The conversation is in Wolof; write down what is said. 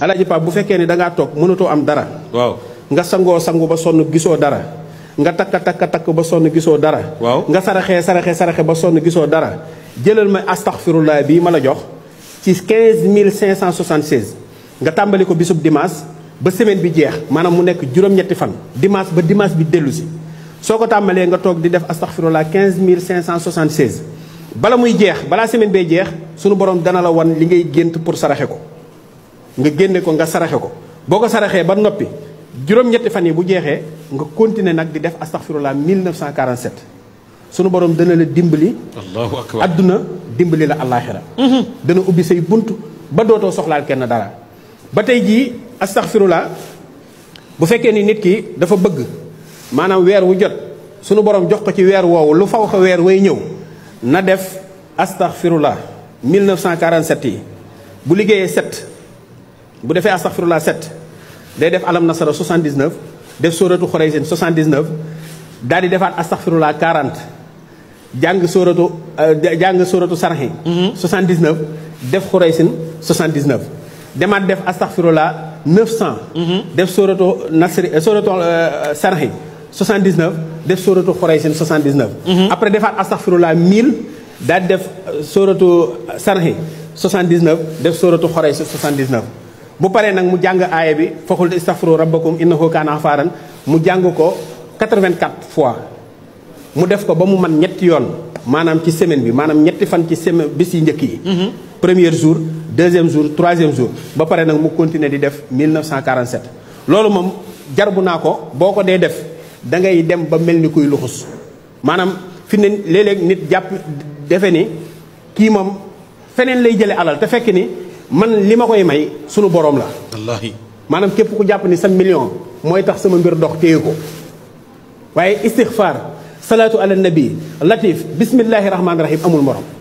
alaji pa bu fekke ni da nga tok munuto am dara waw nga sango sango ba sonu giso dara nga tak tak tak ba sonu giso dara waw nga saraxé saraxé saraxé ba sonu giso dara jëlal ma astaghfirullah bi mala jox ci 15576 nga tàmbali ko bisub dimas ba semaine bi jeex manam mu nek dimas ñetti fan dimas ba ngatok bi delusi soko tambalé nga tok di def astaghfirullah 15576 bala muy jeex bala semaine jeex sunu borom dana la won li ngay gënt pour saraxé ko nga génne ko nga saraxe ko boo ko saraxee ba noppi juróom-ñetti fan yi bu jeexee nga continuer nag di def astaghfirullah 1947 sunu borom dana la dimbali. allahu akbar adduna dimbali la allaaxira mhm. dana ubbi say bunt ba dootoo soxlaal kenn dara. ba tey jii astaghfirullah bu fekkee ni nit ki dafa bëgg maanaam weer wu jot sunu borom jox ko ci weer woowu lu faw ko weer way ñëw na def astaghfirullah 1947 yi bu liggéeyee set. bu defee astaghfirullah 7 day def alam nasara 79 def sóoratu xoreysin 79 daal di defaat astaghfirullah 40 jàng sóoratu euh, jàng sóoratu sarxi 79 mhm. def xoreysin 79 demaat def astaghfirullah 900 mhm. def sóoratu nasri euh, sóoratu euh, sarxi 79 def sóoratu xoreysin 79 mhm. après defaat astaghfirullah 1000 daal def sóoratu sarxi 79 def sóoratu xoreysin 79 bu paree nag mu jàng aaya bi faxul istafru rabbakum innahu kaana afaaran mu jàng ko 84 fois mu def ko ba mu man ñetti yoon ci semaine bi manam ñetti fan ci semaine bis yi njëkk yi mhm. premier jour deuxième jour troisième jour ba mu continuer di def 1947 loolu moom jarbu naa ko boo ko def da ngay dem ba mel ni kuy luxus maanaam fi ne nit jàpp defe ni kii moom lay alal te fekk ni man li ma koy may sunu borom la. wallaahi maanaam képp ku jàpp ni sam million mooy tax sama mbir dox téye ko waaye istixfaar salaatu ala nabi latif bismillahi rahmaani rahim amul morom.